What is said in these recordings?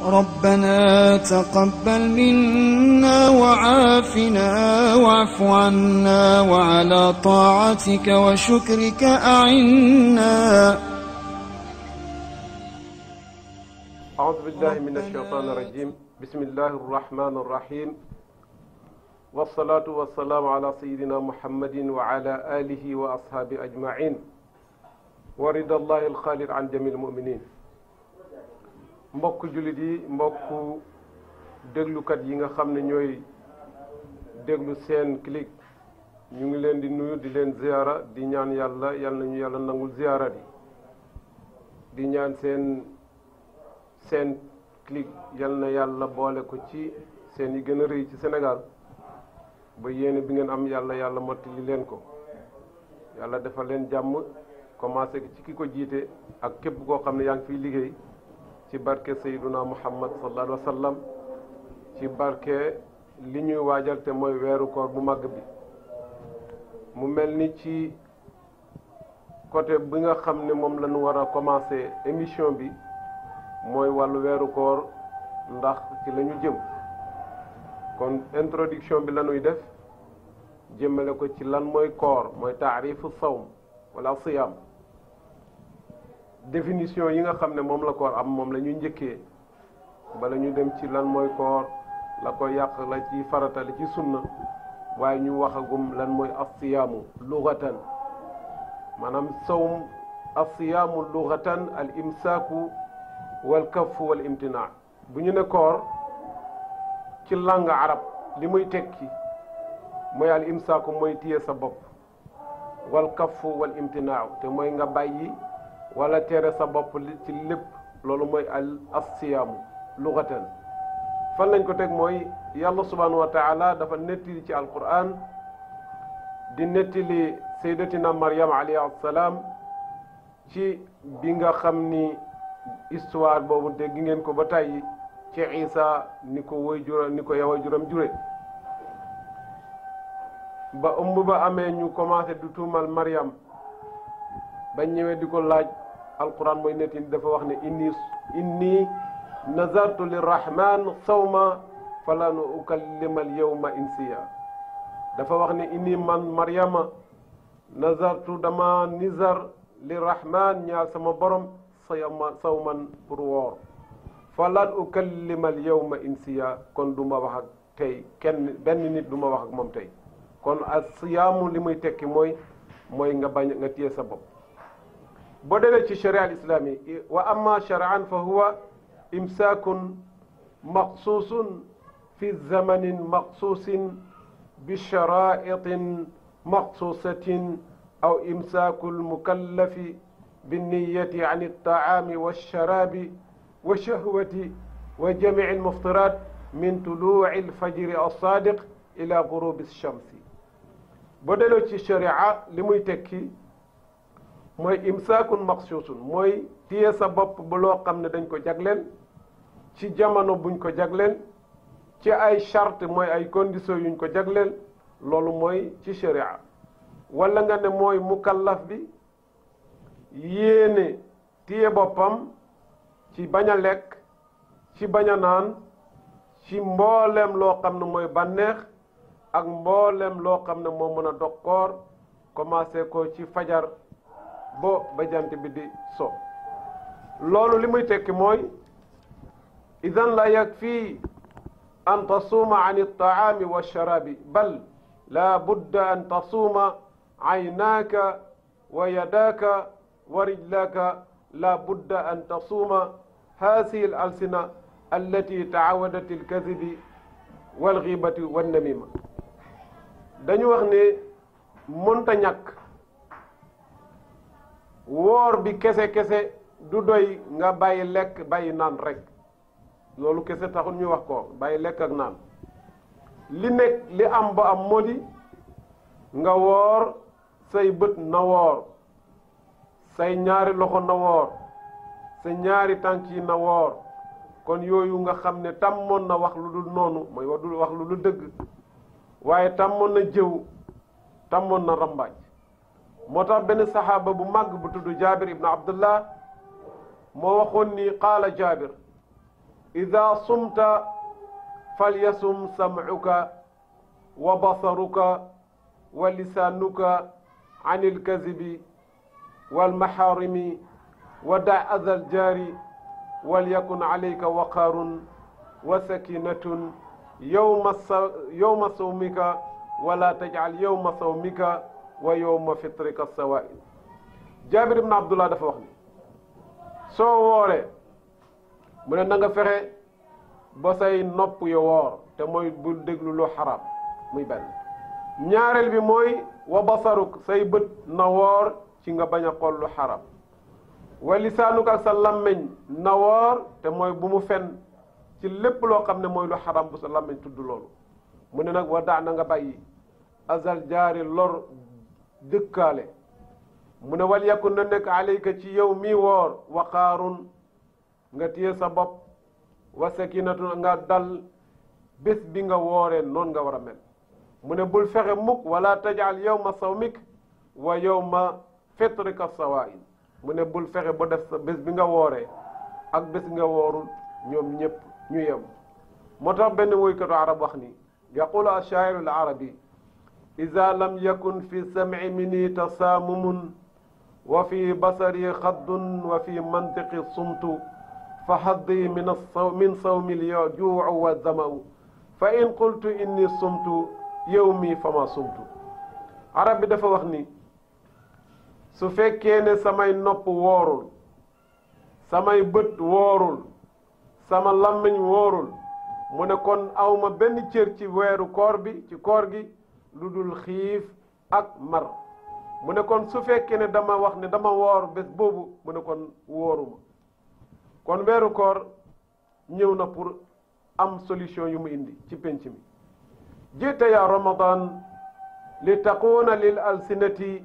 ربنا تقبل منا وعافنا واعف عنا وعلى طاعتك وشكرك أعنا أعوذ بالله من الشيطان الرجيم بسم الله الرحمن الرحيم والصلاة والسلام على سيدنا محمد وعلى آله وأصحابه أجمعين ورد الله الخالد عن جميع المؤمنين mbokk jullit yi mbokk déglukat yi nga xam ne ñooy déglu seen clic ñu ngi leen di nuyu di leen ziyaara di ñaan yàlla na ñu yàlla nangul ziyaara bi di ñaan seen seen clic yal na yàlla boole ko ci seen yi gën a rëy ci Sénégal ba yéene bi ngeen am yàlla yàlla mottali leen ko yàlla defal leen jàmm commencé ci ki ko jiite ak képp koo xam ne yaa ngi fiy liggéey ci barke sayduna muhammad sallallahu alayhi wa sallam ci barke li ñuy waajal te mooy weeru koor bu màgg bi mu mel ni ci côté bi nga xam ne moom la ñu war a commencer émission bi mooy wàllu weeru koor ndax ci la ñu jëm kon introduction bi la ñuy def jëmmale ko ci lan mooy koor mooy taarifu sawm wala siyaam définition yi nga xam ne moom la koor am moom lañuy ñu njëkkee bala ñu dem ci lan mooy koor la ko yàq la ci farata ci sunna waaye ñu waxagum lan mooy asiyaamu lughatan maanaam sawm asiyaamu lughatan al imsaaku wal kaffu wal imtinaa bu ñu ne koor ci langue arab li muy tekki mooy al imsaaku mooy téye sa bopp wal kaffu wal imtinaa te mooy nga bàyyi wala tere sa bopp li ci lépp loolu mooy al assiyaamu luxatan fan lañ ko teg mooy yàlla subhanahu wa dafa nettali ci alquran di nettali saydatina Maryam alayhi salaam ci bi nga xam ni histoire boobu dégg ngeen ko ba tàyyi ci Isa ni ko woy juram ni ko yaway juram jure ba ëmb ba amee ñu commencé du tuumal Maryam ba ñëwee di ko laaj alquran mooy nettali dafa wax ne inni inni nazartu lirrahman sawma falan ukallima alyawma insiya dafa wax ne inni man maryama nazartu dama nizar lirrahman ñaar sama borom sayama sawman pour woor falan ukallima alyawma insiya kon du ma wax ak tey kenn benn nit du ma wax ak moom tey kon asiyaamu li muy tekki mooy mooy nga bañ nga téye sa bopp boo demee ci sharia al islami wa amma shar'an fa huwa imsaakun maqsuusun fi zamanin maqsuusin bi sharaa'itin maqsuusatin aw imsaakul mukallafi binniyati an altaami walsharaabi walshahwati wa jamici almuftirat min tuluci alfajri alsaadiq ila gurubi alchamsi boo delloo ci sharia li muy tekki mooy imsaakun maxsuusun mooy téye sa bopp bu loo xam ne dañ ko jagleen ci jamono buñ ko jagleel ci ay charte mooy ay conditions yuñ ko jagleel loolu mooy ci sharia walla nga ne mooy mukallaf bi yéene téye boppam ci bañ a lekk ci bañ a naan ci mbooleem loo xam ne mooy bànneex ak mbooleem loo xam ne moo mën a dog koor commencé ko ci fajar bo ba jant bi di so loolu li muy tekki mooy idan la yakfi an tasuuma an altaami walsharaabi bal laa budda an tasuuma aynaaka wa yadaaka wa rijlaaka laa budda an tasuuma haasihi al alsina allati taawadat alkadibi walxiibati wannamima dañu wax ne mënta ñàkk woor bi kese kese du doy nga bàyyi lekk bàyyi naan rekk loolu kese taxul ñuy wax ko bàyyi lekk ak naan li nekk li am ba am moo nga woor say bët na woor say ñaari loxo na woor sa ñaari tànk yi na woor kon yooyu nga xam ne tàmmoon na wax lu dul noonu mooy wax lu dul dëgg waaye tàmmoon na jëw tàmmoon na rambaaj moo tax benn saxaaba bu màgg bu tudd jaabir ibn abdullah moo waxoon ni qaala jaabir ida sumta falyasum samcuka wa basaruka wa lisaanuka an ilkazibi walmaxaarimi wa da azal jaari walyakun alayka waqaarun wa sakinatun yowma yowma sawmika wala tajcal yowma sawmika wa yowma fitrika sawail jaabir dafa wax ni soo wooree mu ne na fexe ba say nopp yu te mooy bul déglu lu xaraam muy benn ñaareel bi mooy wa basaruk say bët na ci nga bañ a xool lu xaraam wa lisaanuk sa làmmiñ nawoor te mooy bu mu fenn ci lépp loo xam ne mooy lu xaram bu sa làmmiñ tudd loolu mu ne nag wa daa na nga bàyyi azal jaari lor dëkkaale mu ne wal yakun na nekk alayka ci yow mi woor waqaarun nga téye sa bopp wa sakinatun nga dal bés bi nga wooree noon nga war a mel mu ne bul fexe mukk wala tajal yawma sawmik wa yawma fitrika sawaa'in mu ne bul fexe ba def sa bés bi nga wooree ak bés nga wooru ñoom ñëpp ñu yem moo tax benn woykatu arab wax ni yaqulu ashaairul arabi ida lam yakun fi sam'i mini tasaamumun wa fi basari xaddun wa fi mantiqi sumtu fa xaddi min asaw min sawmil wa zamau fa in qultu inni sumtu yow mi fama sumtu arab bi dafa wax ni su fekkee ne samay nopp woorul samay bët woorul sama làmmiñ woorul mu ne kon awma benn cër ci weeru koor bi ci koor gi lu dul xiif ak mar mu ne kon su fekkee ne dama wax ne dama woor bés boobu mu ne kon wooruma kon weeru koor ñëw na pour am solution yu mu indi ci pénc mi jiite ya ramadan li taquuna lil alsinati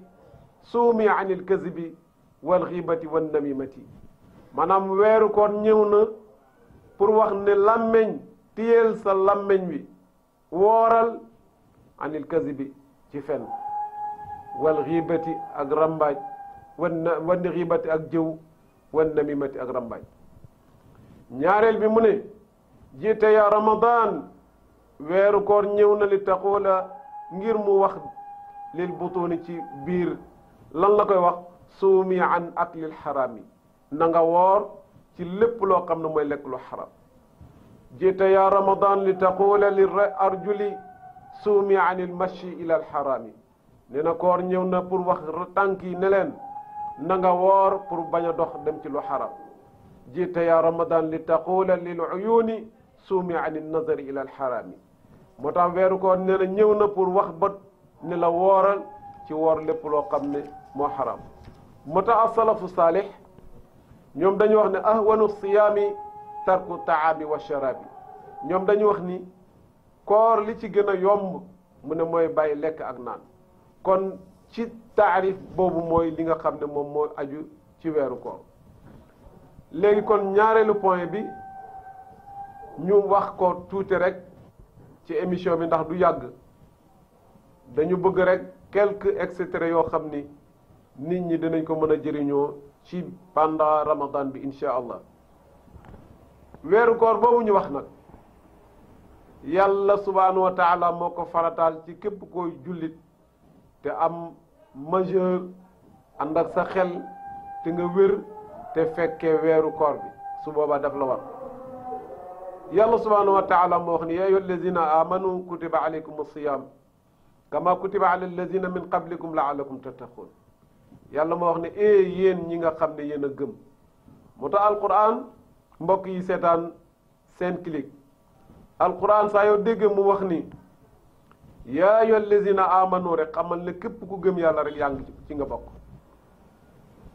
suumi an il kazibi wal xiibati wan namimati maanaam weeru koor ñëw na pour wax ne làmmeñ téyeel sa làmmeñ wi wooral anil kazibi ci fen wal xiibati ak rambaaj wan na wan ni xiibati ak jëw wan namimati ak rambaaj ñaareel bi mu ne jiite ya ramadan weeru koor ñëw na li taxoola ngir mu wax lil butuuni ci biir lan la koy wax suumi an ak lil xaraam yi na nga woor ci lépp loo xam ne mooy lekk lu xaram jiite ya ramadan li taxoola lil arjuli suumi an il machi ila alxaraami nee na koor ñëw na pour wax tànk yi ne na nga woor pour bañ a dox dem ci lu xaram jiite yaa ramadan li taquula lil uyuuni suumi an il nazari ila alxaraami moo tax weeru koor nee ñëw na pour wax bët ne la wooral ci woor lépp loo xam ne moo xaram moo tax asalafu saalix ñoom dañu wax ne ahwanu siyaami tarku taabi wa sharaabi ñoom dañu wax ni koor li ci gën a yomb mu ne mooy bàyyi lekk ak naan kon ci taarif boobu mooy li nga xam ne moom moo aju ci weeru koor léegi kon ñaareelu point bi ñu wax ko tuuti rek ci émission bi ndax du yàgg dañu bëgg rek quelques et yoo xam ni nit ñi dinañ ko mën a jëriñoo ci pendant ramadan bi incha allah weeru koor boobu ñu wax nag yàlla subhaanahu wa moo ko farataal ci képp koy jullit te am majeur ànd sa xel te nga wér te fekke weeru koor bi su boobaa daf la war yàlla subhaanahu wa moo wax ne yaa ayyuha allazina amanu kutiba alaykum asiyam kama kutiba ala allazina min qablikum laalakum tattaqun yàlla moo wax ne e eh, yéen ñi nga xam ne yéen a gëm moo tax alquran mbokk yi seetaan Senclic alquran saa yoo dégg mu wax ni yaa ayyuhal lazina amanu rek xamal ne képp ku gëm yàlla rek yaa ngi ci nga bokk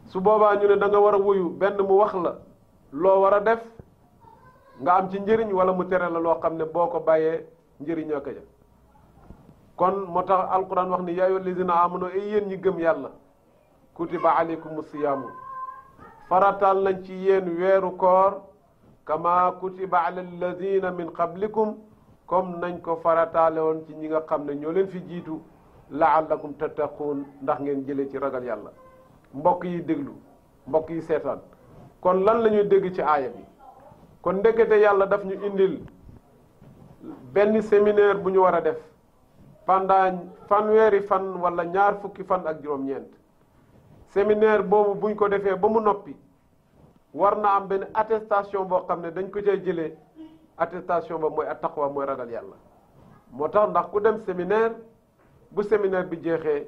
su boobaa ñu ne da nga war a woyu benn mu wax la loo war a def nga am ci njëriñ wala mu tere la loo xam ne boo ko bàyyee njëriñ ak ja kon moo tax alquran wax ni yaa ayyuhal lazina amanu ay yéen ñi gëm yàlla kutiba alaykumus siyaamu faratal nañ ci yéen weeru koor kama kutiba ala alladina min qablikum comme nañ ko farataale woon ci ñi nga xam ne ñoo leen fi jiitu la laallakum tattaquun ndax ngeen jëlee ci ragal yàlla mbokk yi déglu mbokk yi seetaan kon lan la ñuy dégg ci aaya bi kon ndekete yàlla daf ñu indil benn séminaire bu ñu war a def pendant fanweeri fan wala ñaar fukki fan ak juróom-ñeent séminaire boobu buñ ko defee ba mu noppi war na am benn attestation boo xam ne dañ ko cay jëlee attestation ba mooy attaqwa mooy ragal yàlla moo tax ndax ku dem séminaire bu séminaire bi jeexee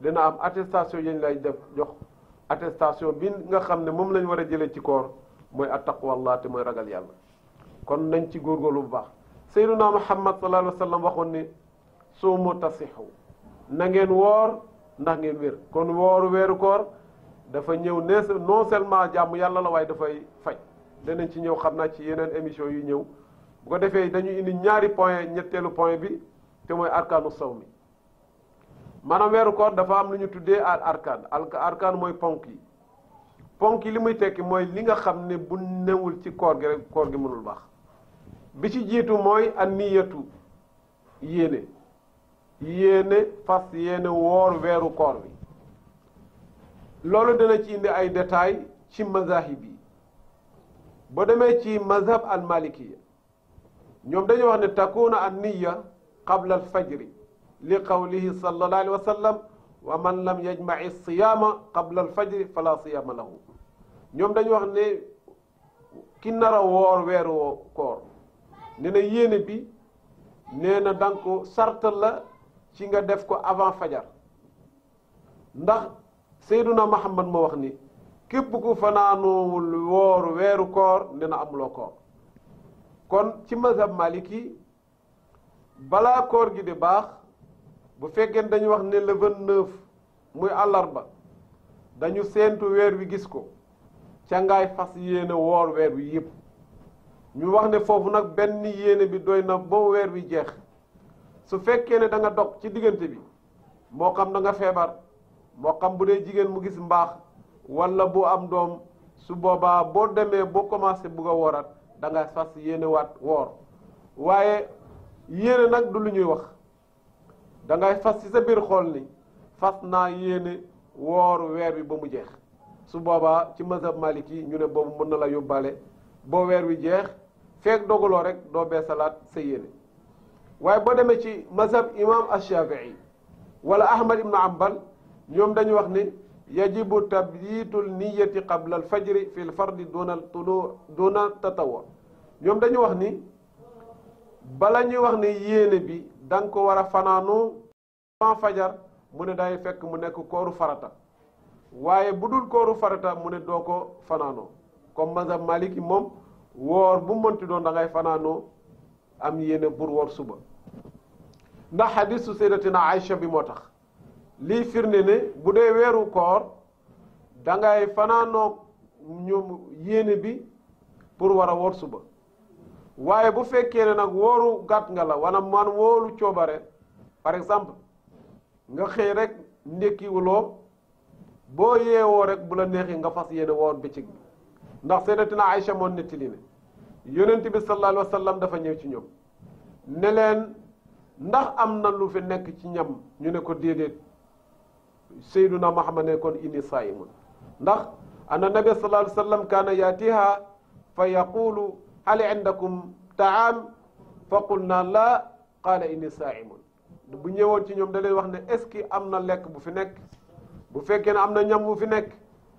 dina am attestation yañ lay def jox attestation bi nga xam ne moom lañ war a jëlee ci koor mooy attaqwa allah te mooy ragal yàlla kon nañ ci góorgóorlu bu baax sayyiduna muhammad sallallahu alayhi wa sallam waxoon ni suumu tasixu na ngeen woor ndax ngeen wér kon woor weeru koor dafa ñëw ne non jàmm yàlla la waaye dafay faj danañ ci ñëw xam naa ci yeneen émission yu ñëw bu ko defee dañu indi ñaari point ñetteelu point bi te mooy arkaanu saw mi maanaam weeru koor dafa am lu ñu tuddee al arkaan al mooy ponk yi ponk yi li muy tekki mooy li nga xam ne bu newul ci koor gi rek koor gi mënul baax bi ci jiitu mooy an niyatu yéene yéene fas yéene woor weeru koor bi loolu dana ci indi ay détails ci mazahib yi boo demee ci mazhab al ñoom dañu wax ne takuna an niya qabla al fajri li qawlihi sallallahu alayhi wa sallam wa man lam yajmaci siyaama qabla al fajri fala siyaama lahu ñoom dañu wax ne ki nar a woor weeru koor nee na yéene bi ne na danga ko sart la ci nga def ko avant fajar ndax Seyduna Muhammad moo wax ni képp ku fanaanuwul woor weeru koor dina amuloo koor kon ci mazhab maliki balaa koor gi di baax bu fekkee dañu wax ne le vingt-neuf muy àllarba dañu seentu weer wi gis ko ca ngaay fas yéene woor weer wi yépp ñu wax ne foofu nag benn yéene bi doy na ba weer wi jeex su fekkee ne da dog ci diggante bi moo xam da nga feebar moo xam bu dee jigéen mu gis mbaax wala bu am doom su boobaa boo demee boo commencé bugg a wooraat dangay nga fas yéene waat woor waaye yéene nag du lu ñuy wax dangay ngay fas ci sa biir xool ni fas naa yéene woor weer wi ba mu jeex su boobaa ci mazhab maliki ñu ne boobu mën na la yóbbaale boo weer wi jeex feek doguloo rek doo beesalaat sa yéene waaye boo demee ci mazhab imam ashafii wala ahmad am ambal ñoom dañu wax ne yajibu tabyitul niyati qabla al fajri fi l fardi duna tulu duna tatawa ñoom dañu wax ni bala ñu wax ni yéene bi danga ko war a fanaanoo avant fajar mu ne day fekk mu nekk kooru farata waaye bu dul kooru farata mu ne doo ko fanaanoo comme mazhab maliki moom woor bu mënti doon da ngay fanaanoo am yéene pour woor suba ndax xadisu sayyidatina Aïcha bi moo tax lii firnde ne bu dee weeru koor dangay fanaanook ñoom yéene bi pour war a woor suba waaye bu fekkee ne nag wooru gàtt nga la wala man woolu coobare par exemple nga xëy rek ndékkiwuloo boo yeewoo rek bu la neexee nga fas yéene woor bëccëg bi ndax Sayyidatina Aïcha moo nettali ne yonent bi sallallahu alayhi wa sallam dafa ñëw ci ñoom ne leen ndax am na lu fi nekk ci ñam ñu ne ko déedéet sayyiduna Muhammad ne kon inni saa'imun ndax anna nabi sallallahu alayhi wa sallam kaana yaatiha fa yaqulu hal indakum taam fa qulna laa qaala inni saa'imun bu ñëwoon ci ñoom da leen wax ne est-ce que am na lekk bu fi nekk bu fekkee ne am na ñam wu fi nekk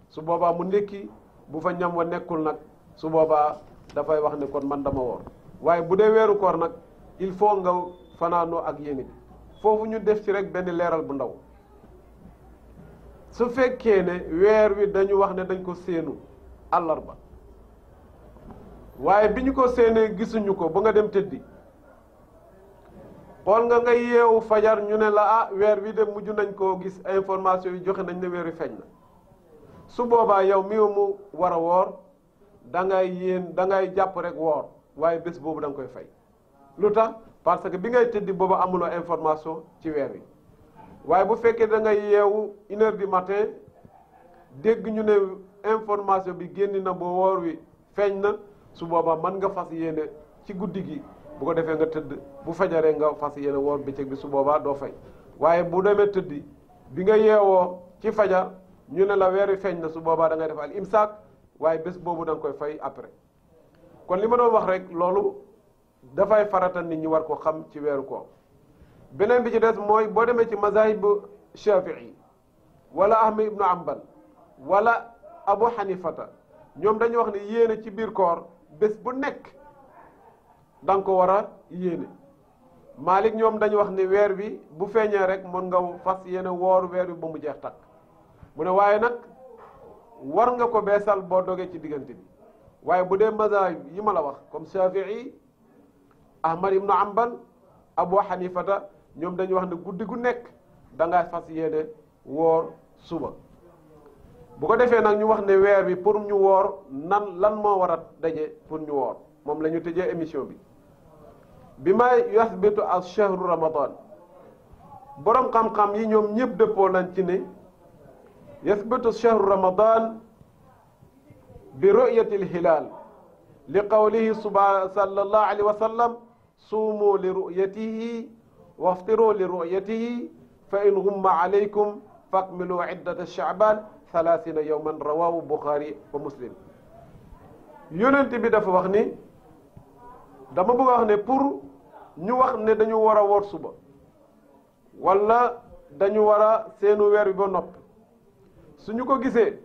su boobaa mu ndékki bu fa ñam wa nekkul nag su boobaa dafay wax ne kon man dama woor waaye bu dee weeru koor nag il faut nga fanaanoo ak yéene foofu ñu def ci rek benn leeral bu ndaw su fekkee ne weer wi dañu wax ne dañ ko séenu àllarba waaye bi ñu ko séenee gisuñu ko ba nga dem tëddi xool nga nga yeewu fajar ñu ne la ah weer wi de mujj nañ koo gis information yi joxe nañ ne weeri wi feeñ na su boobaa yow mi mu war a woor da ngay yéen da jàpp rek woor waaye bés boobu danga koy fay lu tax parce que bi ngay tëddi booba amuloo information ci weer wi waaye bu fekkee da ngay yeewu une heure du matin dégg ñu ne information bi génn na boo woor wi feeñ na su boobaa mën nga fas yéene ci guddi gi bu ko defee nga tëdd bu fajaree nga fas yéene woor bëccëg bi su boobaa doo fay waaye bu demee tëddi bi nga yeewoo ci fajar ñu ne la weer wi feeñ na su boobaa da ngay def al imsaak waaye bés boobu da koy fay après kon li ma doon wax rek loolu dafay farata nit ñi war koo xam ci weeru ko beneen bi ci des mooy boo demee ci mazahib shafii wala ahmad ibnu ambal walla abu xanifata ñoom dañu wax ne yéene ci biir koor bés bu nekk danga ko wara a yéene Malik ñoom dañu wax ni weer wi bu feeñee rek mën nga fas yéene woor weer bi ba mu jeex takk mu ne waaye nag war nga ko beesal boo dogee ci diggante bi waaye bu dee mazahib yi ma la wax comme shafii ahmad ibnu ambal abu xanifata ñoom dañu wax ne guddi gu nekk da fas yéene woor suba bu ko defee nag ñu wax ne weer bi pour ñu woor nan lan moo war a daje pour ñu woor moom lañu tëjee émission bi bi ma yasbitu as shahru ramadan boroom xam-xam yi ñoom ñëpp dëppoo nañ ci ne yasbitu shahru ramadan bi ru'yati al-hilal li qawlihi subhanahu sallallahu alayhi wa sallam li ru'yatihi waftiroo li ru'yatihi fa in gumma alaykum fakmilu iddata shaaban thalathina yawman rawahu buxaari wa muslim yonent bi dafa wax ni dama bëgg a wax ne pour ñu wax ne dañu war a woor suba wala dañu war a seenu weer bi ba nopp suñu ko gisee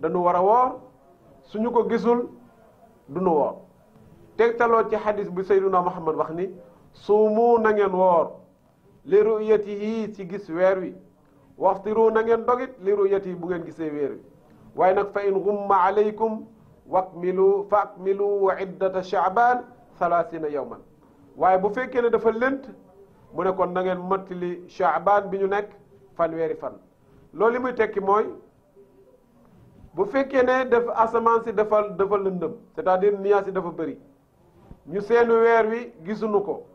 dañu war a woor suñu ko gisul duñu woor tegtaloo ci xadis bu sayduna muhammad wax ni suumu na ngeen woor li ruyatihi ci gis weer wi waxtiru na ngeen dogit li ruyatihi bu ngeen gisee weer wi waaye nag fa in gumma alaykum wakmilu fa akmilu iddata chaabaan salaasina yowman waaye bu fekkee ne dafa lënt mu ne kon na ngeen mottali chaabaan bi ñu nekk fanweeri fan loolu li muy tekki mooy bu fekkee ne def asamaan si dafa dafa lëndëm c'est-à-dire nuages dafa bari ñu seenu weer wi gisuñu ko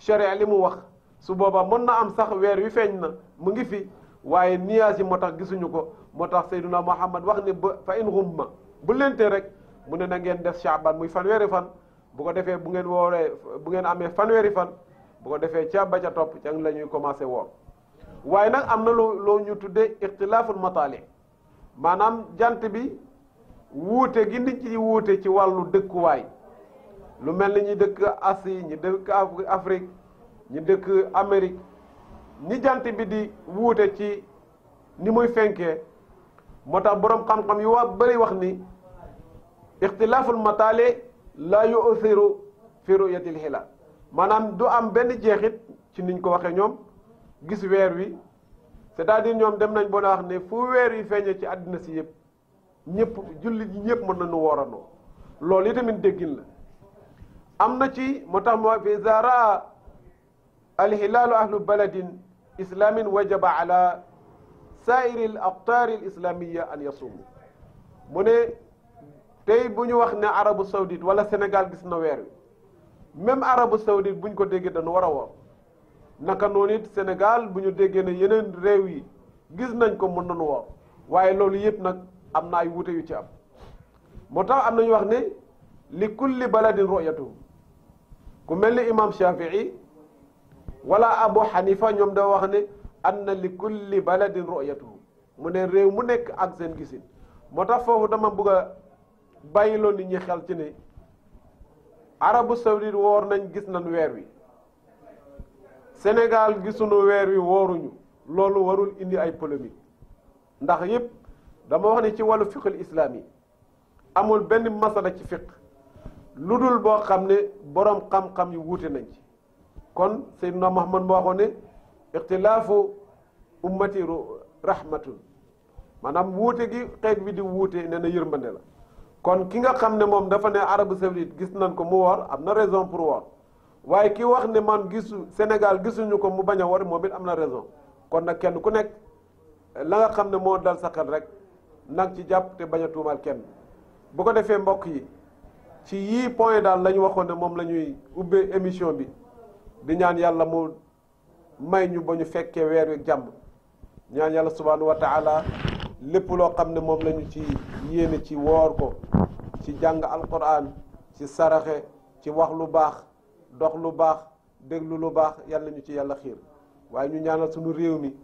sharia li mu wax su boobaa mën na am sax weer wi feeñ na mu ngi fi waaye nuages yi moo tax gisuñu ko moo tax Seydina Muhammad wax ne ba fa in ghumma bu lente rek mu ne na ngeen def Shaaban muy fan weeri fan bu ko defee bu ngeen wooree bu ngeen amee fanweeri fan bu ko defee ca ba ca topp ca la ñuy commencé woor waaye nag am na loo loo ñu tuddee ixtilaaful mataali maanaam jant bi wuute gi nit ñi wuute ci wàllu dëkkuwaay lu mel ni ñi dëkk Asie ñi dëkk Afrique ñi dëkk Amérique ñi jant bi di wuute ci ni muy fenkee moo tax boroom xam-xam yu waa bari wax ni ixtilaaful mataali la yu'thiru fi ru'yatil hilal maanaam du am benn jeexit ci niñ ko waxee ñoom gis weer wi c'est-à-dire ñoom dem nañ boona wax ne fu weer wi feeñee ci àddina si yëpp ñëpp jullit yi ñëpp mën nañu woorandoo loolu tamit déggin la am na ci moo tax moo fi zara alhilaalu ahlu baladin islaamin wajaba ala saairi al aqtaari islaamiya an yasuumu mu ne tey bu ñu wax ne arabu saoudite wala senegal gis na weer wi même arabu saoudite buñ ko déggee dañu war a woor naka noonu it sénégal bu ñu déggee ne yeneen réew yi gis nañ ko mën nañu woor waaye loolu yëpp nag am na ay wute yu ci am moo tax am nañu wax ne li kulli baladin ru'yatuhu ku mel ni imam Shafii wala Abu Hanifa ñoom da wax ne anna li kulli baladin ru'yatuhu mu ne réew mu nekk ak seen gisin moo tax foofu dama bëgg bàyyi bàyyiloo nit ñi xel ci ne arabu saudite woor nañ gis nañ weer wi Sénégal gisuñu weer wi wooruñu loolu warul indi ay polémique ndax yëpp dama wax ne ci wàllu fiqhul islaam yi amul benn masala ci fiqh lu dul boo xam ne boroom xam-xam yi wuute nañ ci kon Seydina man moo waxoon ne ixtilaafu ummati rahmatun maanaam wuute gi xeet bi di wuute ne na yërmande la kon ki nga xam ne moom dafa ne Arabie Saoudite gis nañ ko mu woor am na raison pour woor waaye ki wax ne man gisu Sénégal gisuñu ko mu bañ a woor moom it am na raison kon nag kenn ku nekk la nga xam ne moo dal sa xel rek nag ci jàpp te bañ a tuumal kenn bu ko defee mbokk yi ci yii point daal la waxoon ne moom la ñuy ubbee émission bi di ñaan yàlla mu may ñu ba ñu fekkee weer wi jàmm ñaan yàlla subhanahu wa taala lépp loo xam ne moom lañu ci yéene ci woor ko ci jàng alquran ci saraxe ci wax lu baax dox lu baax déglu lu baax yàlla ñu ci yàlla xiir waaye ñu ñaanal suñu réew mi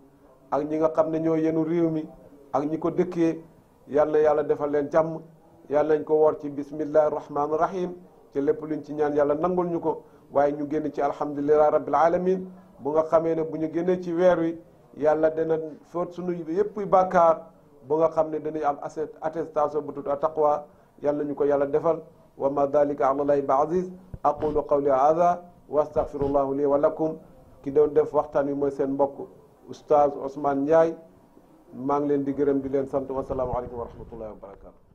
ak ñi nga xam ne ñoo yenu réew mi ak ñi ko dëkkee yàlla yàlla defal leen jàmm yàlla nañ ko woor ci bismillahi rahmaani rahim ci lépp luñ ci ñaan yàlla nangul ñu ko waaye ñu génn ci alhamdulillahi rabbil alamin bu nga xamee ne bu ñu génnee ci weer wi yàlla dena foot sunu yëpp bàkkaar bu nga xam ne dañuy am attestation bu tudd taqwa yàlla ñu ko yàlla defal wa ma dalika alalahi bi aziz aqulu qawli hadha wa astaghfirullahu li wa lakum ki doon def waxtaan wi mooy seen mbokk oustaz Ousmane Ndiaye maa ngi leen di gërëm di leen sant wasalaamualeykum wa rahmatullahi wa barakatu